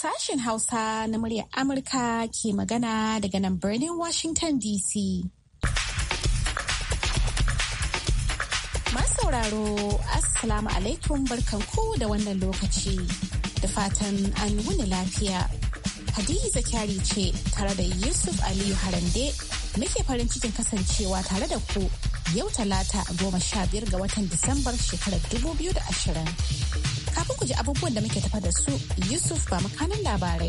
Sashen Hausa na muryar Amurka ke magana daga nan birnin Washington DC. sauraro Assalamu alaikum barkanku da wannan lokaci. Da fatan an wuni lafiya. Hadiza kyari ce tare da Yusuf Aliyu Harande Muke farin cikin kasancewa tare da ku yau talata goma sha biyar ga watan Disambar shekarar dubu biyu da ashirin. Kafin ku ji abubuwan da muke tafa da su Yusuf ba makanin labarai.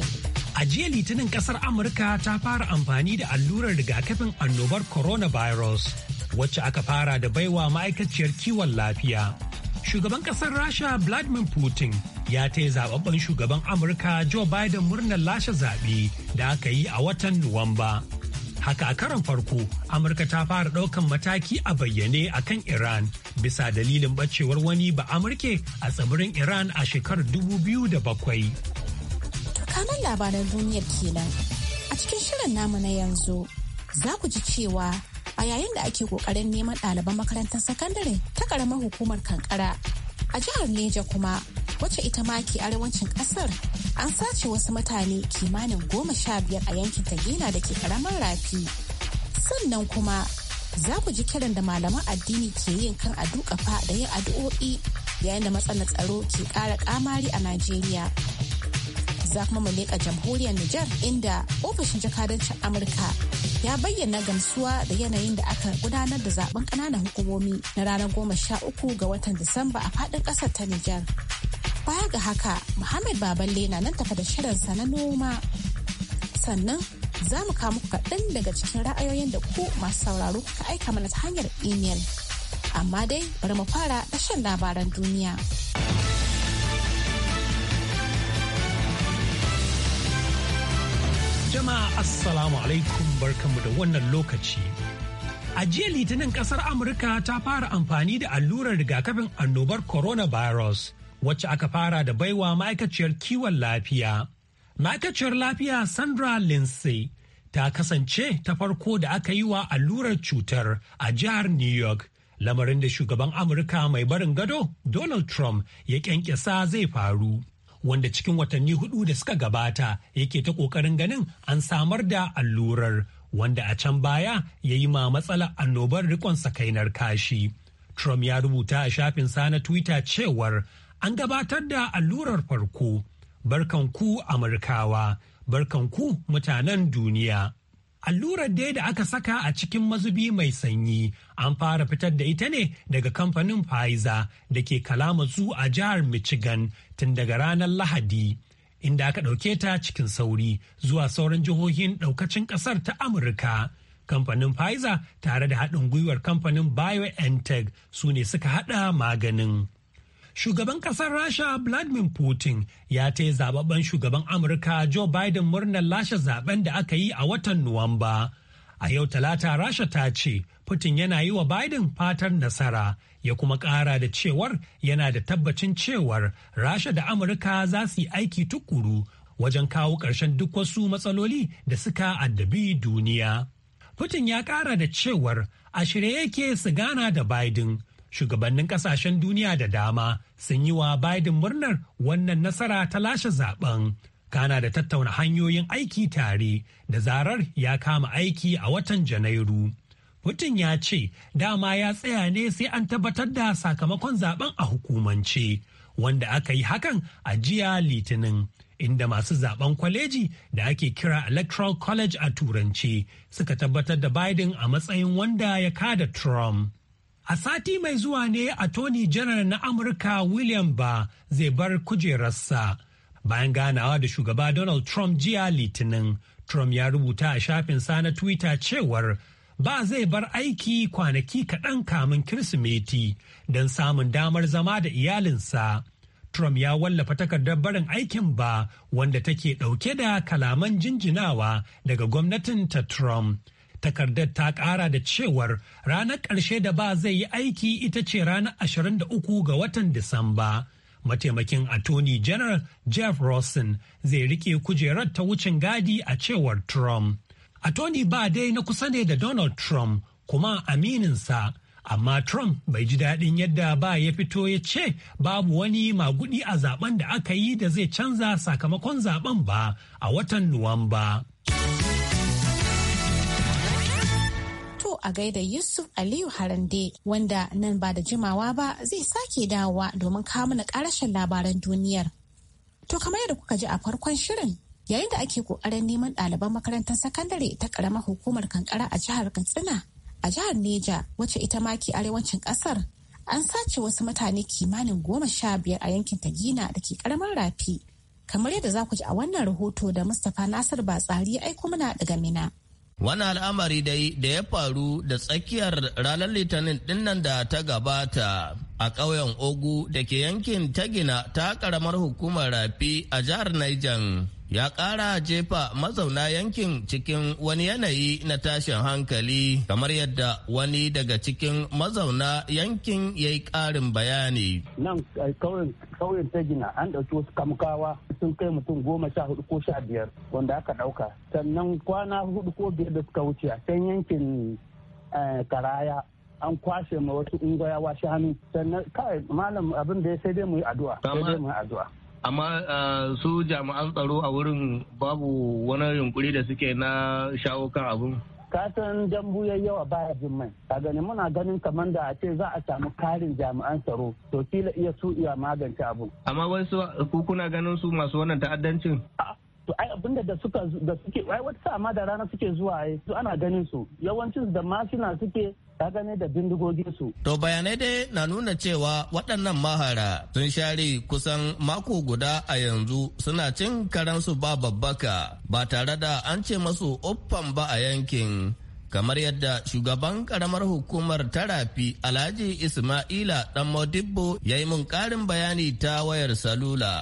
A jiya litinin kasar Amurka ta fara amfani da allurar rigakafin annobar coronavirus wacce aka fara da baiwa ma'aikaciyar kiwon lafiya. Shugaban kasar Rasha Vladimir Putin ya taya zababben shugaban Amurka Joe Biden murnar lashe zaɓe da aka yi a watan Nuwamba. haka a karon farko amurka ta fara ɗaukan mataki a bayyane a kan iran bisa dalilin bacewar wani ba amurke a tsibirin iran a shekarar dubu biyu da bakwai. kanan labaran duniyar kenan a cikin shirin namu na yanzu za ku ji cewa a yayin da ake ƙoƙarin neman ɗaliban makarantar sakandare ta ƙaramar hukumar kankara a jihar neja kuma wacce ita ma ke arewacin kasar an sace wasu mutane kimanin goma sha biyar a yankin tagina da ke karamar rafi sannan kuma za ku ji kiran da malaman addini ke yin kan a fa da yin addu'o'i yayin da matsalar tsaro ke ƙara ƙamari a najeriya za kuma mu leƙa jamhuriyar nijar inda ofishin jakadancin amurka ya bayyana gamsuwa da yanayin da aka gudanar da zaben ƙananan hukumomi na ranar goma sha uku ga watan disamba a faɗin ƙasar ta nijar Baya ga haka, Muhammad Baballe na nan tafa da shirinsa na noma. Sannan za mu kamu kaɗan daga cikin ra'ayoyin da ku masu sauraro ka aika mana ta hanyar imel. Amma dai bari mu fara da shan labaran duniya. Jama'a Assalamu alaikum barkanmu da wannan lokaci. A jiya Litinin kasar Amurka ta fara amfani da allurar rigakafin annobar coronavirus wacce aka fara da baiwa ma'aikaciyar kiwon lafiya. Ma'aikaciyar lafiya Sandra Lindsay ta kasance ta farko da aka yi wa allurar cutar a jihar New York, lamarin da shugaban Amurka mai barin gado Donald Trump ya kyankyasa zai faru. Wanda cikin watanni hudu da suka gabata yake ta ƙoƙarin ganin an samar da allurar, wanda a can baya ya yi ma matsala annobar rikon sakainar kashi. Trump ya rubuta a shafinsa na Twitter cewar an gabatar da allurar farko barkanku amurkawa barkanku mutanen duniya allurar dai da aka saka a cikin mazubi mai sanyi an fara fitar da ita ne daga kamfanin Pfizer da ke kalamatu a jihar michigan tun daga ranar lahadi inda aka ɗauke ta cikin sauri zuwa sauran jihohin ɗaukacin ƙasar ta amurka kamfanin Pfizer tare da haɗin gwiwar kamfanin BioNTech su ne suka haɗa maganin. Shugaban kasar Rasha Vladimir Putin ya ce zababben shugaban Amurka Joe Biden murnar lashe zaben da aka yi a watan Nuwamba. A yau talata Rasha ta ce Putin yana yi wa Biden fatar nasara ya kuma kara da cewar yana da tabbacin cewar Rasha da Amurka za su yi aiki tukuru wajen kawo ƙarshen duk wasu matsaloli da suka addabi duniya. Putin ya kara da cewar a shirye yake su gana da Biden shugabannin kasashen duniya da dama sun yi wa Biden murnar wannan nasara ta lashe zaben. Kana da tattauna hanyoyin aiki tare da zarar ya kama aiki a watan Janairu. Putin ya ce dama ya tsaya ne sai an tabbatar da sakamakon zaben a hukumance, wanda aka yi hakan a jiya Litinin. inda masu zaben kwaleji da ake kira electoral college a turanci suka tabbatar da biden a matsayin wanda ya kada trump A sati mai zuwa ne a Tony Janar na Amurka William Ba zai bar kujerarsa. Bayan ganawa da shugaba Donald Trump jiya Litinin, Trump ya rubuta a shafin sa na Twitter cewar ba zai bar aiki kwanaki kaɗan kamun Kirsimeti don samun damar zama da iyalinsa. Trump ya wallafa takardar barin aikin ba wanda take ɗauke da kalaman jinjinawa daga gwamnatin ta Trump. takardar ta kara da cewar ranar ƙarshe da ba zai yi aiki ita ce ranar 23 ga watan Disamba. Mataimakin Attorney General Jeff Rosen zai rike kujerar ta wucin gadi a cewar Trump. Attorney ba dai na kusa ne da Donald Trump kuma amininsa. Amma Trump bai ji daɗin yadda ba ya fito ya ce babu wani magudi a zaben da aka yi da zai canza sakamakon zaben ba a watan Nuwamba. a gaida Yusuf Aliyu Harande wanda nan ba da jimawa ba zai sake dawowa domin kawo mana karashin labaran duniyar. To kamar yadda kuka ji a farkon shirin yayin da ake kokarin neman ɗaliban makarantar sakandare ta karamar hukumar kankara a jihar katsina a jihar neja wacce ita ma ke arewacin ƙasar an sace wasu mutane kimanin goma sha biyar a yankin tagina da ke karamar rafi kamar yadda za ku ji a wannan rahoto da mustapha nasir batsari ya aiko mana daga mina Wani al'amari dai da ya faru da tsakiyar ranar Litinin dinnan da ta gabata a ƙauyen Ogu da ke yankin Tagina ta ƙaramar hukumar Rafi a jihar Niger. ya ƙara jefa mazauna yankin cikin wani yanayi na tashin hankali kamar yadda wani daga cikin mazauna yankin ya yi ƙarin bayani. Nan eh, kauyen ta gina an ɗauki wasu kamkawa sun kai mutum goma sha hudu ko sha biyar wanda aka ɗauka. Sannan kwana hudu ko biyar da suka wuce a can yankin eh, karaya an kwashe ma wasu wa shanu sannan kawai malam abin da ya sai dai mu yi addu'a. Sai dai mu yi addu'a. amma ah, su jami'an tsaro a wurin babu wani yunkuri da suke na shawo kan abin kasan dambu ya yawa baya jin mai ka gani muna ganin kamar da a ce za a samu karin jami'an tsaro to kila iya su iya magance abu amma wai su kukuna ganin su masu wannan ta'addancin to ai abinda da suka da suke ai wata sama da rana suke zuwa ai to ana ganin su yawancin da masina suke gane da su. To bayanai dai na nuna cewa waɗannan mahara sun share kusan mako guda a yanzu suna cin karansu ba babbaka ba tare da an ce masu uffan ba a yankin. kamar yadda shugaban karamar hukumar tarafi alhaji ismaila dan modibbo ya yi mun karin bayani ta wayar salula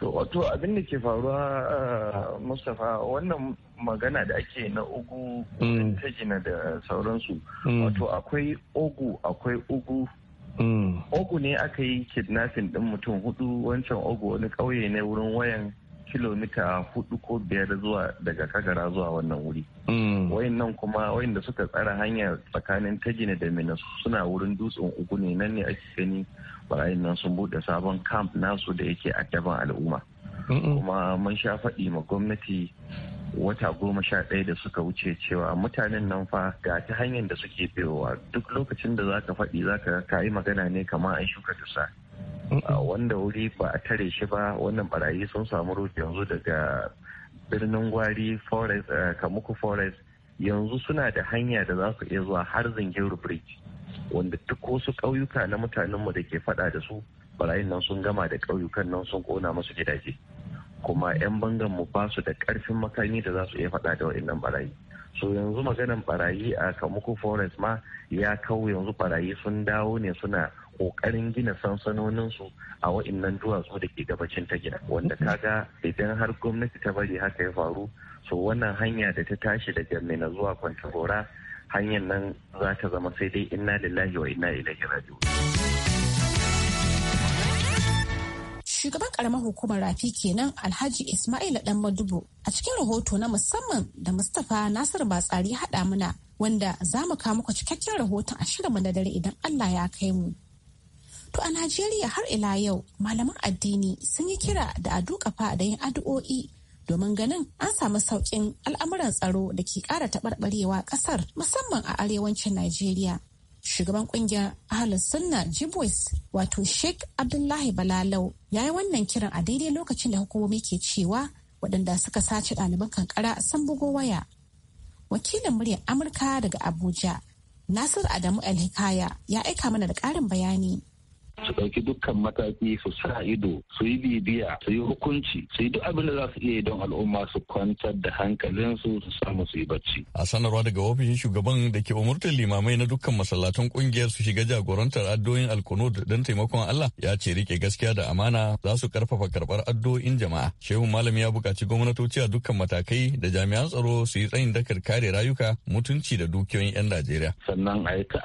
To wato abin da ke faruwa eh, Mustapha wannan magana da ake na ugu mm. ta jina da sauransu. Mm. Wato akwai ogu akwai ugu. Ogu mm. ne aka yi kidnapping ɗin mutum hudu wancan ogu wani ƙauye ne wurin wayan kilomita hudu ko biyar zuwa daga kagara zuwa wannan wuri. Mm. Wayannan kuma wayanda suka tsara hanya tsakanin tagine da minas suna wurin dutsen uku ne nan ne ake gani barayin nan sun bude sabon camp nasu da yake a addaban al'umma. Kuma mun sha faɗi ma gwamnati wata goma sha ɗaya da suka wuce cewa mutanen nan fa ga ta hanyar da suke bewa duk lokacin da zaka faɗi zaka ka yi magana ne kamar an shuka tusa. Ah, wanda wuri ba a tare shi ba wannan barayi sun samu rufe yanzu daga birnin gwari forest ah, kamuku forest yanzu suna da hanya da za su iya zuwa har zingiru bridge wanda duk wasu ƙauyuka na mutanenmu da ke faɗa da su barayin nan sun gama da ƙauyukan nan sun ƙona musu gidaje kuma 'yan bangan mu ba su da ƙarfin makami da za su iya faɗa da waɗannan barayi so yanzu maganan barayi a kamuku forest ma ya kau yanzu barayi sun dawo ne suna kokarin gina sansanonin a wa'annan duwatsu da ke gabacin ta gida wanda kaga idan har gwamnati ta bari haka ya faru so wannan hanya da ta tashi daga na zuwa kwantagora hanyar nan za ta zama sai dai inna lillahi wa inna ilaihi raji'un shugaban karamar hukumar rafi kenan alhaji ismaila dan madubo a cikin rahoto na musamman da mustapha nasir batsari haɗa mana wanda za mu kawo muku cikakken rahoton a shirinmu na dare idan allah ya kai mu To a Najeriya har ila yau malaman addini sun yi kira da a dukafa da yin addu'o'i domin ganin an samu sauƙin al'amuran tsaro da ke ƙara taɓarɓarewa ƙasar musamman a arewacin Najeriya. Shugaban ƙungiyar Ahlus Sunna Jibwis wato Sheikh Abdullahi Balalau ya yi wannan kiran a daidai lokacin da hukumomi ke cewa waɗanda suka sace ɗaliban kankara sun bugo waya. Wakilin muryar Amurka daga Abuja, Nasir Adamu El Hikaya ya aika mana da ƙarin bayani. su ɗauki dukkan mataki su sa ido su yi bibiya su yi hukunci su yi duk abin da za su iya yi don al'umma su kwantar da hankalinsu su samu su yi bacci. A sanarwa daga ofishin shugaban da ke umurtar limamai na dukkan masallatan kungiyar su shiga jagorantar addu'o'in alkunud don taimakon Allah ya ce rike gaskiya da amana za su karfafa karbar addu'o'in jama'a. Shehu Malami ya buƙaci gwamnatoci a dukkan matakai da jami'an tsaro su yi tsayin dakar kare rayuka mutunci da dukiyoyin 'yan Najeriya. Sannan a yi ta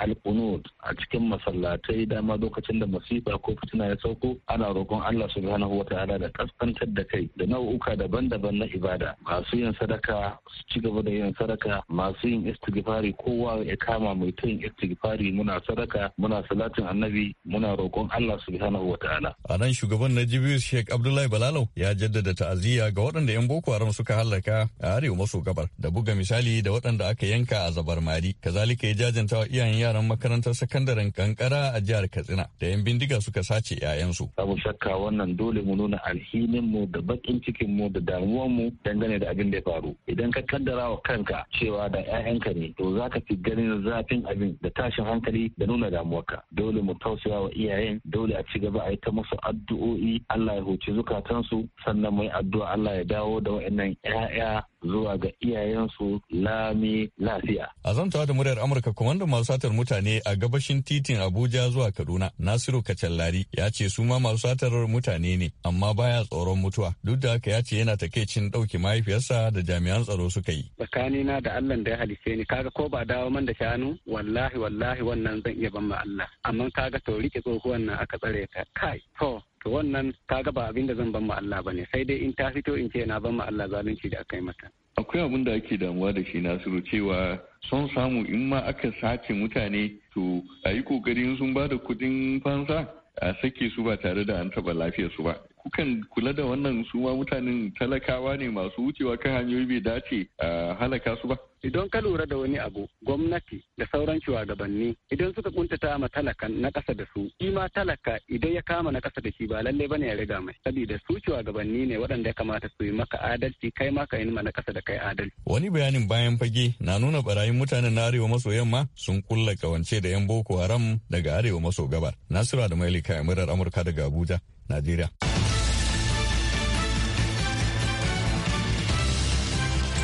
a cikin masallatai dama lokacin da musiba ko fitina ya sauko ana roƙon Allah subhanahu wa ta'ala da kaskantar da kai da nau'uka daban-daban na ibada masu yin sadaka su ci gaba da yin sadaka masu yin istighfari kowa ya kama mai ta yin istighfari muna sadaka muna salatin annabi muna roƙon Allah subhanahu wa ta'ala a nan shugaban na jibiyu Sheikh Abdullahi Balalau ya jaddada ta'aziyya ga waɗanda 'yan Boko Haram suka halaka a arewa maso gabar da buga misali da waɗanda aka yanka a zabar mari kazalika ya jajanta wa iyayen yaran makarantar sakandaren kankara a jihar Katsina da 'yan bindiga suka sace 'ya'yansu. Babu shakka wannan dole mu nuna alhinin mu da bakin cikin mu da damuwan mu dangane da abin da ya faru. Idan ka kaddara wa kanka cewa da 'ya'yanka ne to za ka fi ganin zafin abin da tashin hankali da nuna damuwarka. Dole mu tausaya wa iyayen dole a ci gaba a yi ta musu addu'o'i Allah ya huci zukatansu sannan mu yi addu'a Allah ya dawo da wa'annan 'ya'ya zuwa ga iyayensu lami lafiya. A zantawa da muryar Amurka kwamandan masu satar mutane a gabashin titin Abuja zuwa Kaduna Nasiru lokacin Kacallari ya ce su ma masu satarar mutane ne amma baya tsoron mutuwa duk da haka ya ce yana takeicin ɗauki mahaifiyarsa da jami'an tsaro suka yi. tsakani na da Allah da ya halice ni kaga ko ba dawo man da shanu wallahi wallahi wannan zan iya ban ma Allah amma kaga to rike tsohuwan nan aka tsare ta kai to to wannan kaga ba abin da zan ban ma Allah ne sai dai in ta fito in ce na ban ma Allah zalunci da aka yi mata akwai abin da ake damuwa da shi nasiru cewa son samu in ma aka sace mutane to a yi kokarin sun ba da kudin fansa a sake su ba tare da an taba su ba kukan kula da wannan su ma mutanen talakawa ne masu wucewa kan hanyoyi bai dace a halaka su ba idan ka lura da wani abu gwamnati da sauran shugabanni idan suka kuntata ma talakan na ƙasa da su shi ma talaka idan ya kama na ƙasa da shi ba lallai bane ya riga mai saboda su shugabanni ne waɗanda ya kamata su yi maka adalci kai ma ka yi ma na kasa da kai adalci. Wani bayanin bayan fage na nuna barayin mutanen na arewa maso yamma sun kulla kawance da 'yan Boko Haram daga arewa maso gabar. Nasira da Maili kayan murar Amurka daga Abuja, Najeriya.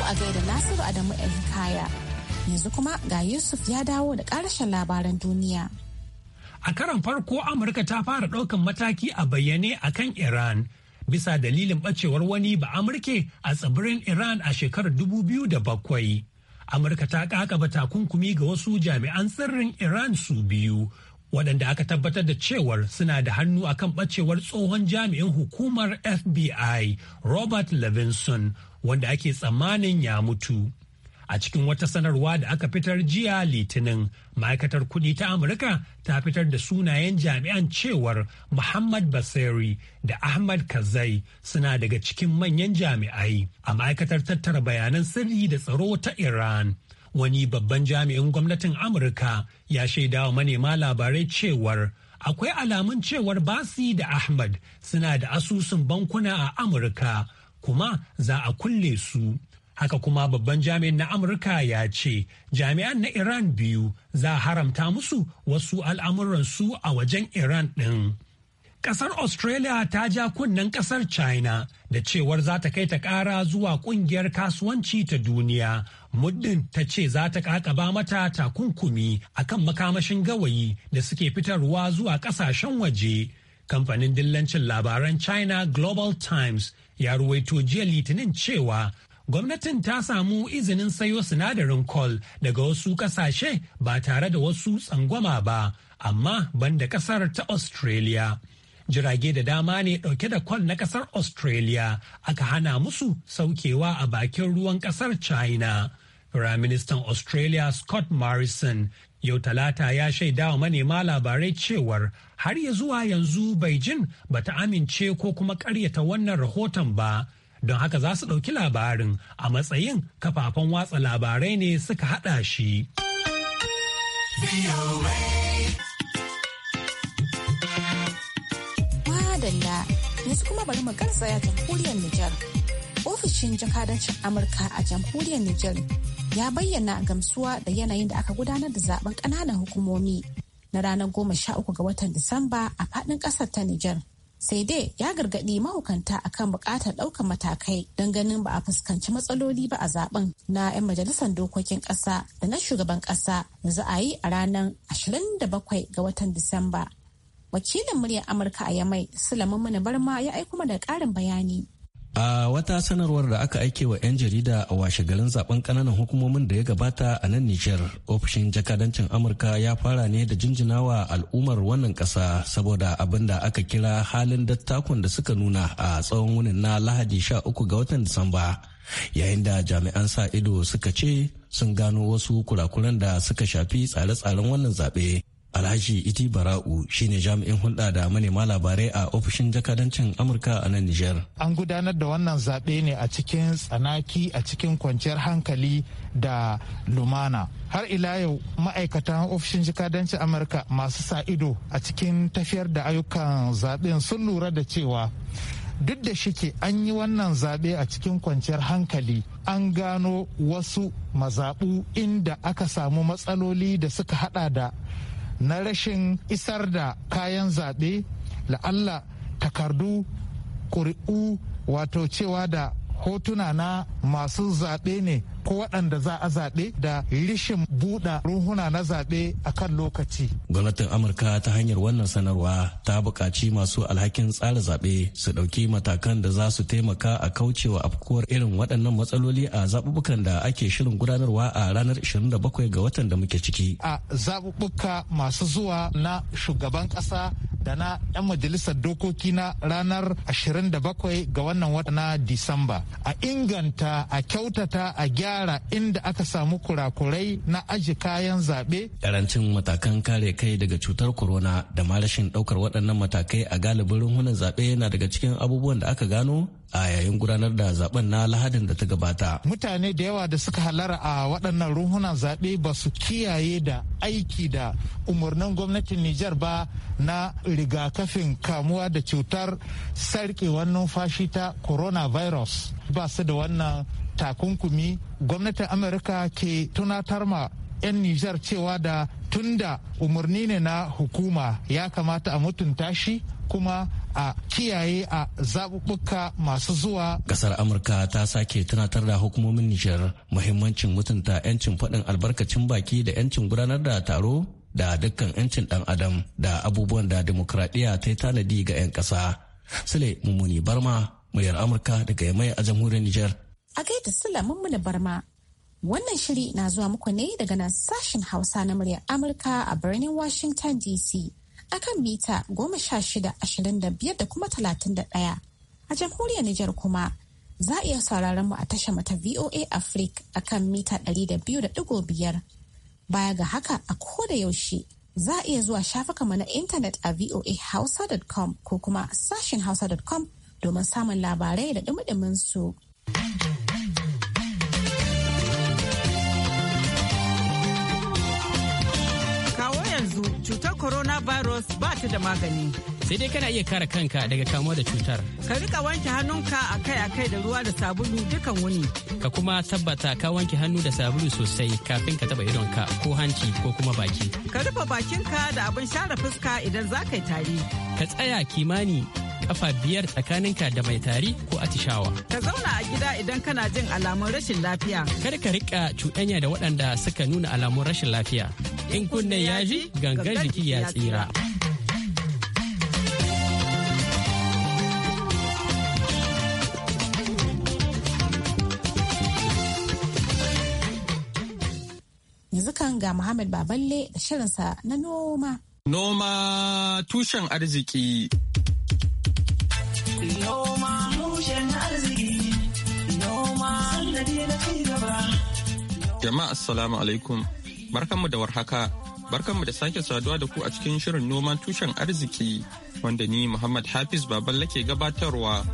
a gaida Nasiru Adamu kaya Yanzu kuma ga Yusuf ya dawo da ƙarshen labaran duniya. A karan farko Amurka ta fara ɗaukan mataki a bayyane a kan Iran bisa dalilin ɓacewar wani ba Amurke a tsibirin Iran a shekarar dubu biyu da bakwai. Amurka ta ƙaƙaba takunkumi ga wasu jami'an tsirrin Iran su biyu waɗanda aka tabbatar da cewar suna da hannu akan ɓacewar tsohon jami'in hukumar FBI Robert Levinson wanda ake tsammanin ya mutu. A cikin wata sanarwa da aka fitar jiya Litinin, ma'aikatar kuɗi ta Amurka ta fitar da sunayen jami'an cewar Muhammad Basiri da Ahmad Kazai suna daga cikin manyan jami'ai a ma'aikatar tattara bayanan sirri da tsaro ta Iran. wani babban jami'in gwamnatin amurka ya shaida wa manema labarai cewar akwai alamun cewar basi da ahmad suna da asusun bankuna a amurka kuma za a kulle su haka kuma babban jami'in na amurka ya ce jami'an na iran biyu za a haramta musu wasu al'amuransu a wajen iran ɗin. kasar Australia ta ja kunnen kasar China da cewar za ta kai ta kara zuwa kungiyar kasuwanci ta duniya muddin ta ce za ta ba mata takunkumi a kan makamashin gawayi da suke fitarwa zuwa kasashen waje. Kamfanin dillancin labaran China Global Times ya ruwaito jiya litinin cewa gwamnatin ta samu izinin sayo sinadarin kol daga wasu kasashe ba tare da wasu tsangwama ba amma ban da kasar ta Australia. jirage da dama ne dauke da kwan na kasar australia aka hana musu saukewa a bakin ruwan kasar china firaministan australia scott morrison yau talata ya shaida wa manema labarai cewar har ya zuwa yanzu beijing ta amince ko kuma karyata wannan rahoton ba don haka za su ɗauki labarin a matsayin kafafen watsa labarai ne suka haɗa shi. madalla yanzu kuma bari mu garzaya jamhuriyar Nijar. Ofishin jakadancin Amurka a jamhuriyar Nijar ya bayyana gamsuwa da yanayin da aka gudanar da zaben ƙananan hukumomi na ranar goma sha uku ga watan Disamba a faɗin ƙasar ta Nijar. Sai dai ya gargaɗi mahukanta akan buƙatar ɗaukar matakai don ganin ba a fuskanci matsaloli ba a zaben na 'yan majalisar dokokin ƙasa da na shugaban ƙasa da za a yi a ranar 27 ga watan Disamba. wakilin muryar amurka a yamai sulaiman mana barma ya aiko mana karin bayani a wata sanarwar da aka aike wa 'yan jarida a washe garin zaben kananan hukumomin da ya gabata a nan nijar ofishin jakadancin amurka ya fara ne da jinjinawa al'ummar wannan kasa saboda abin da aka kira halin dattakon da suka nuna a tsawon wunin na lahadi 13 ga watan disamba yayin da jami'an sa ido suka ce sun gano wasu kurakuran da suka shafi tsare-tsaren wannan zaɓe Alhaji Iti Bara'u shine jami'in hulɗa da manema labarai a ofishin jakadancin Amurka a nan Nijar. An gudanar da wannan zaɓe ne a cikin tsanaki a cikin kwanciyar hankali da lumana. Har ila yau ma'aikatan ofishin jakadancin Amurka masu sa ido a cikin tafiyar da ayyukan zaɓen sun lura da cewa duk da shike an yi wannan zaɓe a cikin kwanciyar hankali an gano wasu mazaɓu inda aka samu matsaloli da suka hada da na rashin isar da kayan zaɓe la'alla takardu ƙuri'u wato cewa da hotuna na masu zaɓe ne ko waɗanda za a zaɓe da rishin buɗa ruhuna na zaɓe a kan lokaci. Gwamnatin Amurka ta hanyar wannan sanarwa ta buƙaci masu alhakin tsara zaɓe su ɗauki matakan da za su taimaka a kaucewa afkuwar irin waɗannan matsaloli a zaɓuɓɓukan da ake shirin gudanarwa a ranar 27 ga watan da muke ciki. A zaɓuɓɓuka masu zuwa na shugaban ƙasa da na 'yan majalisar dokoki na ranar 27 ga wannan wata na Disamba. A inganta, a kyautata, a gyara gyara inda aka samu kurakurai na aji kayan zaɓe. Karancin matakan kare kai daga cutar corona da ma rashin ɗaukar waɗannan matakai a galibin rumunan zabe yana daga cikin abubuwan da aka gano a yayin gudanar da zaben na lahadin da ta gabata. Mutane da yawa da suka halara a waɗannan ruhunan zaɓe ba su kiyaye da aiki da umarnin gwamnatin Nijar ba na rigakafin kamuwa da cutar sarkewar numfashi ta coronavirus. Ba su da wannan takunkumi gwamnatin amurka ke tunatar ma 'yan nijar cewa da tunda umarni ne na hukuma ya kamata a mutunta shi kuma a kiyaye a zaɓuɓɓuka masu zuwa. Kasar Amurka ta sake tunatar da hukumomin Nijar muhimmancin mutunta 'yancin faɗin albarkacin baki da 'yancin gudanar da taro da dukkan 'yancin ɗan adam da abubuwan da demokradiyya ta yi tanadi ga 'yan ƙasa. Sule Mummuni Barma, muryar Amurka daga Yamai a jamhuriyar Nijar. a gaida sulamin mu barma wannan shiri na zuwa muku ne daga nan sashen hausa na muryar amurka a birnin washington dc akan mita goma sha shida ashirin da biyar da kuma talatin da ɗaya a jamhuriyar nijar kuma za a iya sauraron mu a tashar mata voa africa akan mita ɗari da biyu da ɗigo biyar baya ga haka a koda yaushe za a iya zuwa shafukanmu na intanet a voahausa.com ko kuma sashen hausa.com domin samun labarai da ɗumi su. coronavirus ba ta da magani. Sai dai kana iya kare kanka daga kamuwa da cutar. Ka rika wanke hannunka akai-akai da ruwa da sabulu dukan wuni. Ka kuma tabbata ka wanke hannu da sabulu sosai kafin ka taba ka ko hanci ko kuma baki. Ka rufe bakinka da abin share fuska idan za ka yi tari. Ka tsaya kimani kafa biyar tsakaninka da mai tari ko atishawa. Ka zauna a gida idan kana jin alamun rashin lafiya. Kar ka rika cuɗanya da waɗanda suka nuna alamun rashin lafiya. In kunne ya ji gangan jiki ya tsira. Yanzu kan ga Muhammad Baballe da shirinsa na noma. Noma tushen arziki. Jama'a Assalamu alaikum. Barkanmu da warhaka. Barkanmu da sake saduwa da ku a cikin shirin noman tushen arziki wanda ni Muhammad Hafiz baban lake gabatarwa.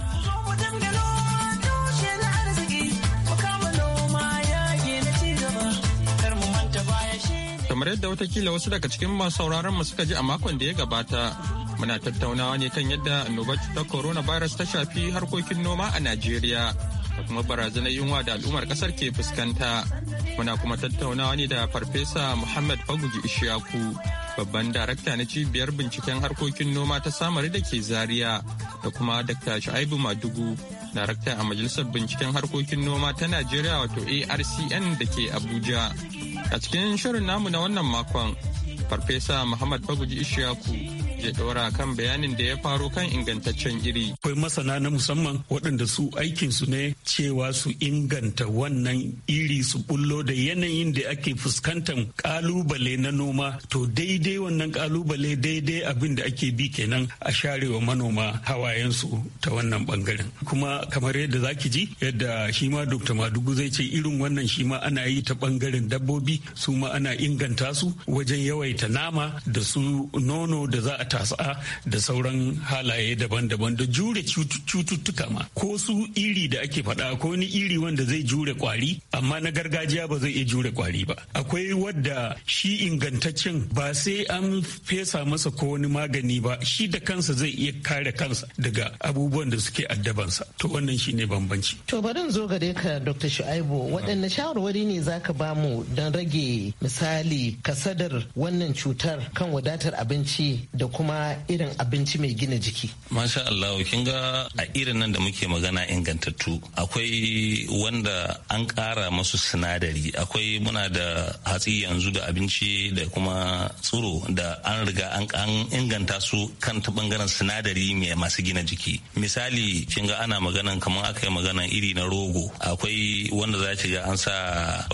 Kamar yadda watakila wasu daga cikin masu sauraron mu suka ji a makon da ya gabata, muna tattaunawa ne kan yadda annobar cutar coronavirus ta shafi harkokin noma a Najeriya. da kuma barazanar yunwa da al'ummar kasar ke fuskanta muna kuma tattaunawa ne da farfesa muhammad faguji ishaku babban darakta na cibiyar binciken harkokin noma ta samari da ke zaria da kuma dr shaibu madugu darakta a majalisar binciken harkokin noma ta najeriya wato arcn da ke abuja a cikin shirin namu na wannan makon farfesa muhammad faguji ishaku ya ɗora kan bayanin da ya faru kan ingantaccen iri. Akwai masana na musamman waɗanda su aikinsu ne cewa su inganta wannan iri su bullo da yanayin da ake fuskantar ƙalubale na noma to daidai wannan ƙalubale daidai abin da ake bi kenan a sharewa manoma hawayensu ta wannan bangaren. Kuma kamar yadda za ki ji yadda shi ma Dr. Madugu zai ce irin wannan shi ma ana yi ta bangaren dabbobi su ma ana inganta su wajen yawaita nama da su nono da za a matasa da sauran halaye daban-daban da jure cututtuka ma ko su iri da ake faɗa ko ni iri wanda zai jure kwari amma na gargajiya ba zai iya jure kwari ba akwai wadda shi ingantaccen ba sai an fesa masa ko wani magani ba shi da kansa zai iya kare kansa daga abubuwan da suke addabansa to wannan ne bambanci to bari zo dai ka dr shu'aibu waɗanne shawarwari ne zaka ba mu don rage misali kasadar wannan cutar kan wadatar abinci da kuma irin abinci mai gina jiki. Masha Allah kin ga a irin nan da muke magana ingantattu akwai wanda an ƙara masu sinadari akwai muna da hatsi yanzu da abinci da kuma tsiro da an riga an inganta su kan ta bangaren sinadari mai masu gina jiki. Misali kin ga ana maganan kamar aka yi maganan iri na rogo akwai wanda za ki ga an sa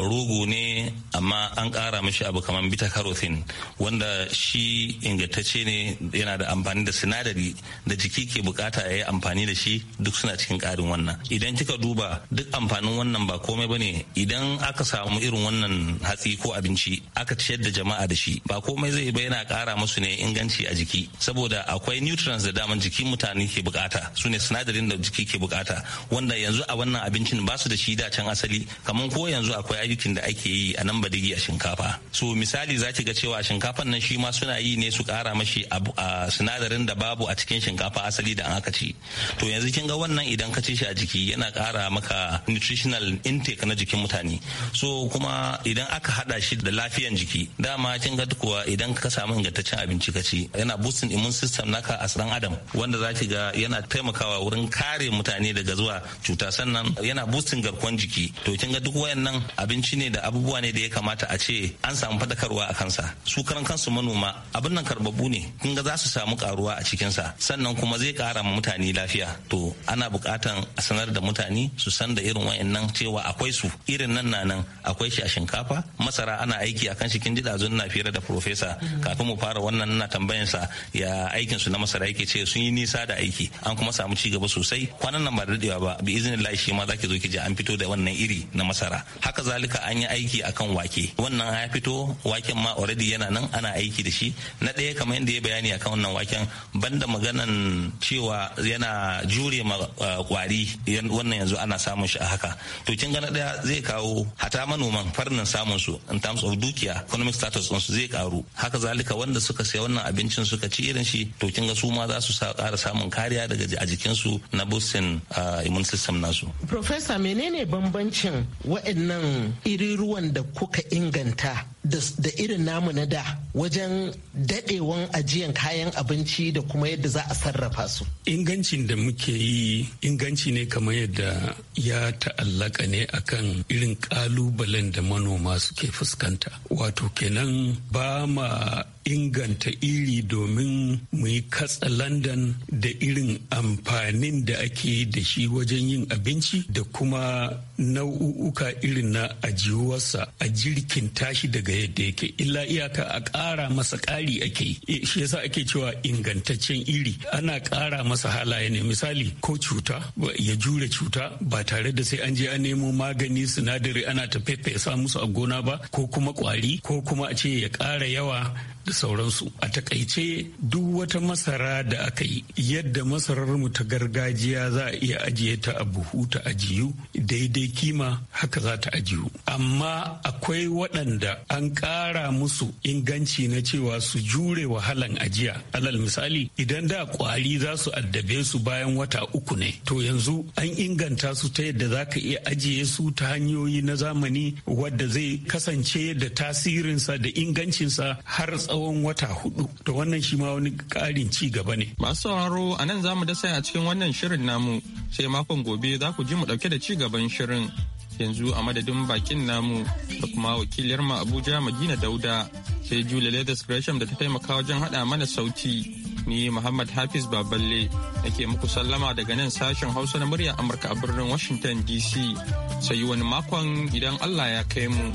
rogo ne amma an ƙara mashi abu kamar bita carotene wanda shi ingantacce ne yana da amfani da sinadari da jiki ke bukata ya yi amfani da shi duk suna cikin karin wannan idan kika duba duk amfanin wannan ba komai bane idan aka samu irin wannan hatsi ko abinci aka ciyar da jama'a da shi ba komai zai ba yana kara musu ne inganci a jiki saboda akwai nutrients da daman jikin mutane ke bukata su ne sinadarin da jiki ke bukata wanda yanzu a wannan abincin ba su da shi da can asali kamar ko yanzu akwai ayyukan da ake yi a nan badigi a shinkafa so misali za ki ga cewa shinkafan nan shi ma suna yi ne su kara mashi a A sinadarin da babu a cikin shinkafa asali da an aka ci to yanzu kin ga wannan idan ka ci shi a jiki yana ƙara maka nutritional intake na jikin mutane so kuma idan aka hada shi da lafiyan jiki dama kin ga kuwa idan ka samu ingantaccen abinci ka ci yana boosting immune system naka a dan adam wanda za ki ga yana taimakawa wurin kare mutane daga zuwa cuta sannan yana boosting garkuwan jiki to kin ga duk wayannan abinci ne da abubuwa ne da ya kamata a ce an samu fadakarwa a kansa su karan kansu manoma abin nan karbabu ne kun ga za su samu karuwa a cikin sa sannan kuma zai kara ma mutane lafiya to ana bukatan a sanar da mutane su san da irin wayannan cewa akwai su irin nan na nan akwai shi a shinkafa masara ana aiki akan shi kin ji dazun na fira da profesa mhm. kafin mu fara wannan na tambayan sa ya aikin su na masara yake ce sun yi nisa da aiki an kuma samu ci gaba sosai kwanan nan ba da dadewa ba bi iznillahi shi ma zaki zo ki ji an fito da wannan iri na masara haka zalika an yi aiki akan wake wannan ya fito waken ma already yana nan ana aiki da shi na ɗaya kamar yadda ya bayani bayani kan wannan waken banda maganan cewa yana jure ma uh, kwari wannan yanzu ana samun shi a haka to kin gana daya zai kawo hata manoman farnin samun su in terms of dukiya economic status din su zai karu haka zalika wanda suka sayi wannan abincin suka ci irin shi to kin ga su ma za su ƙara samun kariya daga a jikin su na boosting uh, immune system nasu professor menene bambancin waɗannan iriruwan da kuka inganta da irin namu na da wajen dadewan ajiyan ingancin kayan abinci da kuma yadda za a sarrafa su ingancin da muke yi inganci ne kamar yadda ya ta'allaka ne akan irin kalubalen da manoma suke fuskanta wato kenan ba ma inganta iri domin mu yi katsa london da irin amfanin da ake da shi wajen yin abinci da kuma nau'uka irin na ajiyuwarsa a jirkin tashi daga yadda yake illa iyaka a ƙara masa ƙari ake yi eh, shi yasa ake cewa ingantaccen iri ana ƙara masa halaye ne misali ko cuta ya jure cuta ba tare da sai an je an nemo magani sinadari ana ta fesa musu a gona ba ko kuma kwari ko kuma a ce ya ƙara yawa da sauransu a takaice duk wata masara da aka yi yadda masarar mu ta gargajiya za a iya ajiye ta a buhu ta ajiyu daidai kima haka za ta ajiyu amma akwai waɗanda an ƙara musu inganci na cewa su jure wahalan ajiya alal misali idan da kwari za su addabe su bayan wata uku ne to yanzu an inganta su ta yadda za ka iya ajiye su ta hanyoyi na zamani wadda zai kasance da tasirinsa da ingancinsa har tsawon tsawon wata hudu to wannan shi ma wani ƙarin ci gaba ne. Masu sauraro a nan za mu dasa a cikin wannan shirin namu sai makon gobe za ku ji mu ɗauke da ci gaban shirin. Yanzu a madadin bakin namu da kuma wakiliyar mu Abuja magina Dauda sai Julia Ladies Gresham da ta taimaka wajen hada mana sauti. Ni Muhammad Hafiz Baballe nake muku sallama daga nan sashen Hausa na murya Amurka a birnin Washington DC sai wani makon idan Allah ya kai mu.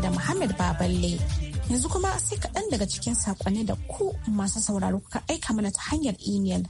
da Muhammad Baballe. Yanzu kuma sai kaɗan daga cikin saƙonni da ku masu sauraro kuka aika mana ta hanyar imel.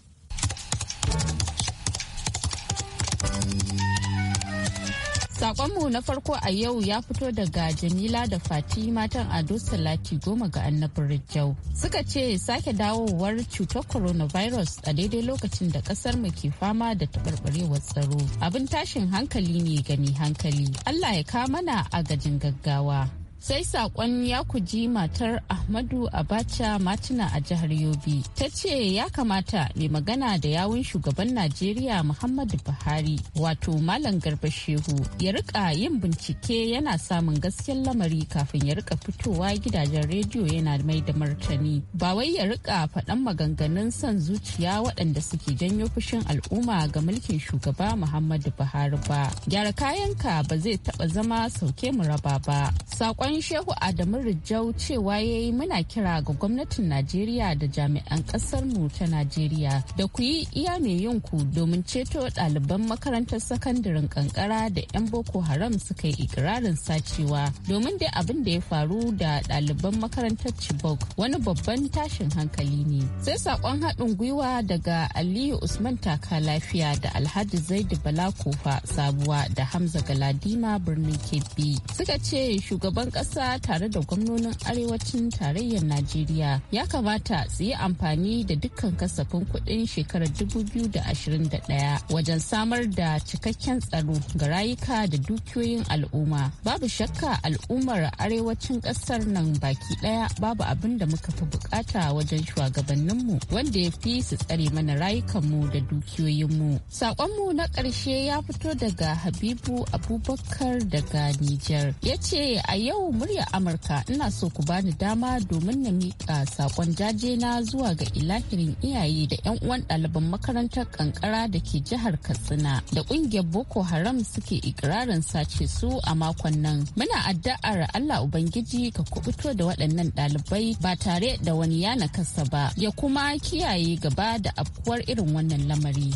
Sakonmu na farko a yau ya fito daga Jamila da Fati matan Ado Salati goma ga annabin Rijau. Suka ce sake dawowar cutar coronavirus a daidai lokacin da kasar mu ke fama da taɓarɓarewar tsaro. Abin tashin hankali ne gani hankali. Allah ya ka mana agajin gaggawa. sai sakon ya kuji matar ahmadu abacha matina a jihar yobe ta ce ya kamata mai magana da yawun shugaban najeriya muhammadu buhari wato malam garba shehu ya rika yin bincike yana samun gaskiyar lamari kafin ya rika fitowa gidajen rediyo yana mai da martani ba wai ya rika faɗan maganganun son zuciya waɗanda suke janyo fushin al'umma ga mulkin shugaba muhammadu buhari ba gyara kayanka ba zai taɓa zama sauke mu raba ba sakon sakon shehu adamu rijau cewa ya yi muna kira ga gwamnatin najeriya da jami'an kasar mu ta najeriya da ku yi iya mai yinku domin ceto ɗaliban makarantar sakandaren kankara da 'yan boko haram suka yi ikirarin sacewa domin dai abin da ya faru da ɗaliban makarantar chibok wani babban tashin hankali ne sai saƙon haɗin gwiwa daga aliyu usman taka lafiya da alhaji zaidu bala kofa sabuwa da hamza galadima birnin kebbi suka ce shugaban ƙasa tare da gwamnonin arewacin tarayyar Najeriya ya kamata su yi amfani da dukkan kasafin kuɗin shekarar 2021 wajen samar da cikakken tsaro ga rayuka da dukiyoyin al'umma. Babu shakka al'ummar arewacin ƙasar nan baki ɗaya babu abin da muka fi bukata wajen shugabanninmu wanda ya fi su tsare mana rayukanmu da dukiyoyinmu. Saƙonmu na ƙarshe ya fito daga Habibu Abubakar daga Nijar. Ya ce a yau yau muryar Amurka ina so ku bani dama domin na miƙa sakon jaje na zuwa ga ilahirin iyaye da 'yan uwan ɗaliban makarantar kankara da ke jihar Katsina da ƙungiyar Boko Haram suke ikirarin sace su a makon nan. Muna addu'ar Allah Ubangiji ka kubuto da waɗannan ɗalibai ba tare da wani ya nakasa ba ya kuma kiyaye gaba da afkuwar irin wannan lamari.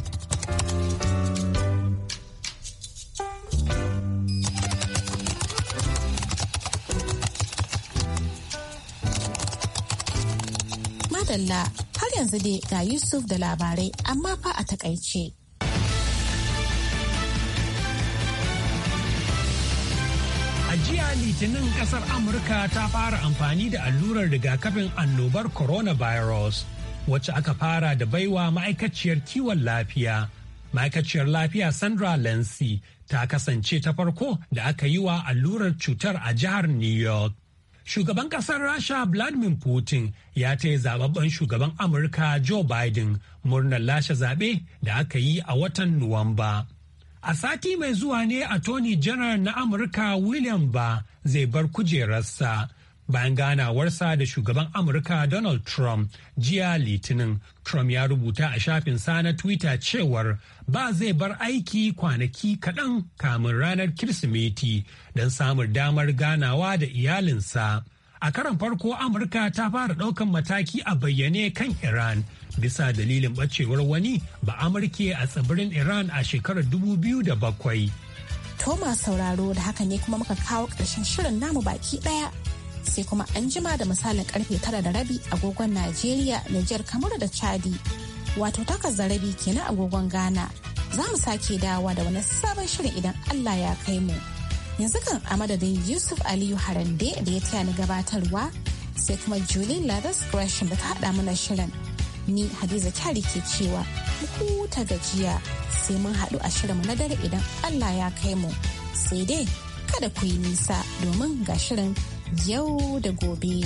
madalla har yanzu dai ga Yusuf da labarai amma fa a takaice. jiya litinin kasar amurka ta fara amfani da allurar rigakafin annobar coronavirus wacce aka fara da baiwa ma'aikaciyar kiwon lafiya ma'aikaciyar lafiya sandra lancy ta kasance ta farko da aka yi wa allurar cutar a jihar new york Shugaban ƙasar Rasha Vladimir Putin ya ta yi zababben shugaban Amurka Joe Biden murnar lashe zaɓe da aka yi a watan Nuwamba. A sati mai zuwa ne a Attorney General na Amurka William Ba zai bar kujerarsa bayan ganawarsa da shugaban amurka donald trump jiya litinin trump ya rubuta a shafinsa na twitter cewar ba zai bar aiki kwanaki kaɗan kamun ranar kirsimeti don samun damar ganawa da iyalinsa a karan farko amurka ta fara ɗaukan mataki a bayyane kan iran bisa dalilin ɓacewar wani ba amurke a tsibirin iran a shekarar dubu biyu da bakwai. Thomas sauraro da haka ne kuma muka kawo ƙarshen shirin namu baki ɗaya sai kuma an jima da misalin karfe tara da rabi agogon Najeriya, Nijar, Kamaru da Chadi. Wato takas da rabi kenan agogon Ghana. Za mu sake dawa da wani sabon shirin idan Allah ya kai mu. Yanzu kan a madadin Yusuf Aliyu Harande da ya taya ni gabatarwa sai kuma Julie Lathers Gresham da ta haɗa mana shirin. Ni Hadiza Kyari ke cewa mu huta gajiya sai mun haɗu a shirinmu na dare idan Allah ya kai mu. Sai dai kada ku yi nisa domin ga shirin 牛的股比。